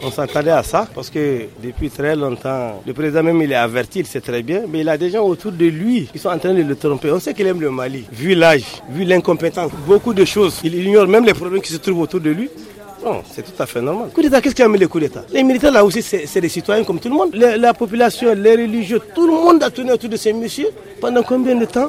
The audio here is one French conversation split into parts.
On s'attendait à ça parce que depuis très longtemps, le président même il est averti, il sait très bien, mais il a des gens autour de lui qui sont en train de le tromper. On sait qu'il aime le Mali, vu l'âge, vu l'incompétence, beaucoup de choses. Il ignore même les problèmes qui se trouvent autour de lui. c'est tout à fait normal. Coup d'État, qu'est-ce qui a mis le coup d'État Les militaires, là aussi, c'est des citoyens comme tout le monde. la population, les religieux, tout le monde a tourné autour de ces messieurs pendant combien de temps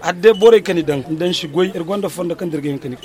adde bore kani dan dan shi goy er gonda fonda kan dirgen kani